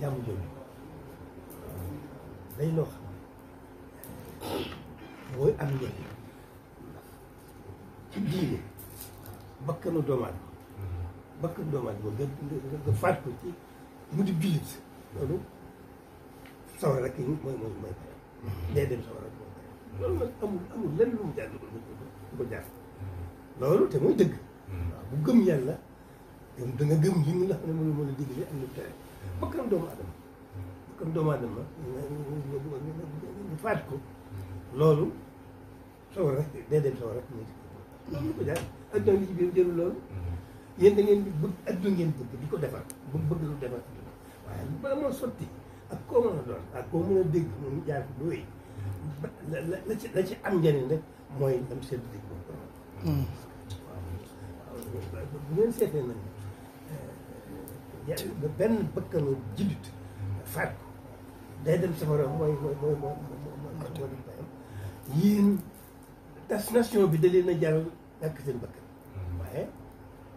jàmm jooju day loo xam ne mooy am njëriñ ci diine bakkanu doomaat bakkanu doomaat boobu nga nga nga faat ko ci mu di jullit loolu sawar rek mooy mooy mooy day dem sawar rek mooy loolu man amul lenn lu mu jaar lu ko jaar loolu te mooy dëgg hmm. bu gëm yàlla gëm danga nga gëm yi nga xam a digle am na tere bakkan doomu adama bakkan doomu adama faat ko loolu sawar rek day dem sawar rek ñu di loolu ko jaar adduna ngi ci biir jëru loolu yéen da ngeen bëgg adduna ngeen bëgg di ko defar bëgg bëgg lu defar adduna waaye bala moo sotti ak koo mën a doon ak koo mën a dégg moom jaar ko doy la ci la ci am njëriñ rek mooy am seen digg hmm. waaw ngeen seetee nag ba benn bëkkanu jullit faat ko day dem safara mooy mooy mooy mooy mooy bayam yéen tas nation bi da leen a jaral ñàkk seen bëkkan waaye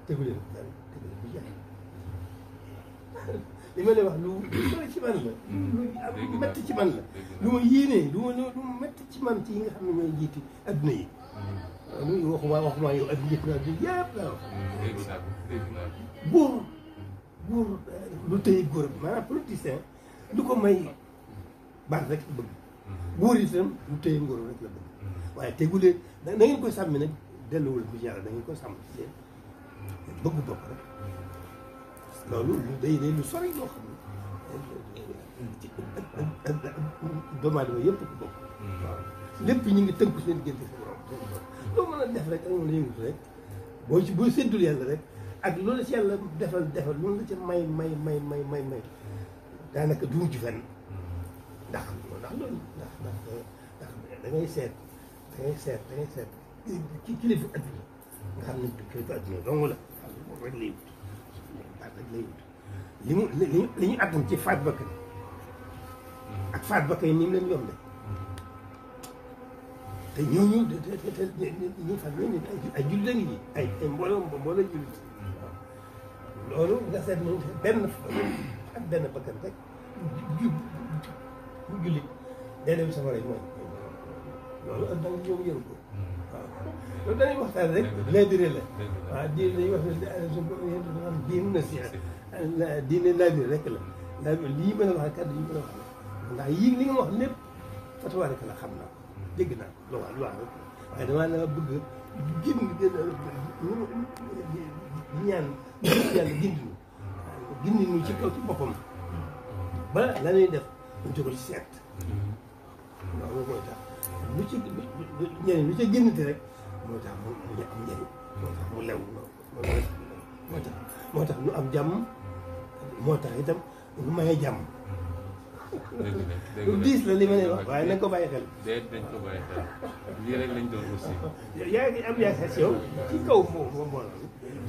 tegu leen daal tegu leen bu jàll li ma lay wax lu lu ci man la lu am métti ci man la lu ma yéenee lu ma lu métti ci man ci yi nga xam ne ñooy njiiti adduna yi lu waxuma waxuma yow ak njiit na adduna yëpp laa wax buur góor lu tëye góoram maanaam politicien lu ko may baat rek la bëgg mm-hmm. góor itam lu tëye ngóoram rek la bëgg mm-hmm. waaye tegulee da ngeen koy sàmmi nag delluwul ko ci yàlla da ngeen koy sàmm ci seen bëgg bopp rek mm-hmm. day day lu sori loo xam ne doomu aadama yëpp ko bokk waaw lépp ñu ngi tënku seen diggante sa borom loolu mën a def rek la yàlla rek ak loolu la ci yàlla defal defal loolu la ci may may may may may may daanaka du mujj fenn ndax ndax loolu ndax ndax ndax da ngay seet da ngay seet da ngay seet ci kilifa adduna nga xam ne kilifa adduna dong la moom rek lay wut moom rek lay wut li mu li li ñu àttan ci faat bakkan ak faat bakkan yi ni mu leen yomb de te ñooñu te te te ñu faat leen ay ay jullit a ngi ji ay ay mbooloo mbooloo jullit loolu nga seetlu benn ak benn bakkan rek bu bu jullit day dem safara yi moom loolu ak danga ñoom yëru ko waaw loolu dañuy waxtaan rek lay biré la waaw diine dañuy wax ne diine nasiha diine lay biré rek la lay biré lii mën a wax kàddu yi mën a wax ndax yii li nga wax lépp fatuwaa rek la xam naa ko dégg naa ko lu wax lu wax rek waaye damaa naa bëgg gën gën di ñaan yàlla gindi gindi ci kaw ci boppam ba la ñuy def ñu jóg ci seet loolu mooy tax lu ci njëriñ lu ci génnati rek moo tax mu am njëriñ moo lew moo tax moo tax ñu am jàmm moo tax itam ñu maye jàmm dëgg la dëgg la lu diis la li ma leen wax waaye nañ ko bàyyi xel. déet ko bàyyi xel lii rek lañ doon aussi. yaa ngi am yaakaar si yow ci kaw moo moo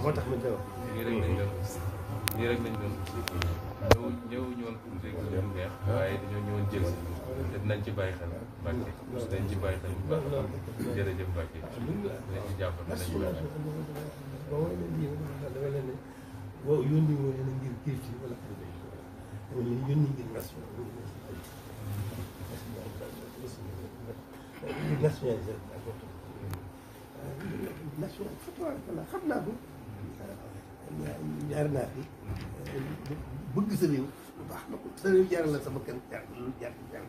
moo tax ma koy wax. lii rek lañ doon aussi lii rek lañ doon aussi ñëw ñëw ñëwoon pour rek lu neex waaye dañoo ñëwoon jël nañ te dinañ ci bàyyi xel Mbacke dinañ ci bàyyi xel bu baax a Mbacke dinañ ci jàpp dinañ ci bàyyi xel. waaw yónni woo leen ngir kii wala. wala yónni ngir nationalisé nationalisé xam naa ko jaar naa fi bëgg sa réew bu baax na ko sa réew jaaral la sama kenn jaar jaar jaar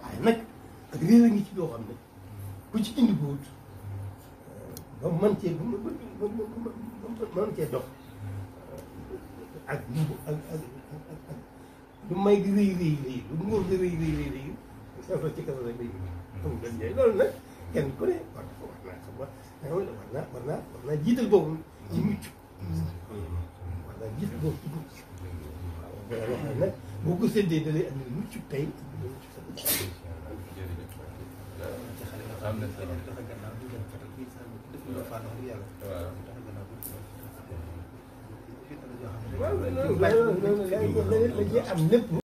waaye nag réew a ngi ci yoo xam ne ku ci indi boot ba mën cee ba mën cee dox ak ak ak lu may gi rëy rëy rëy lu nguur gi rëy rëy loolu nag kenn ku ne war naa war naa war naa jiital boobu ci mucc war naa jiital boobu ci mucc waaw bu la waxee boo ko séddee da lay andil mucc tey waaw loolu loolu la am lépp.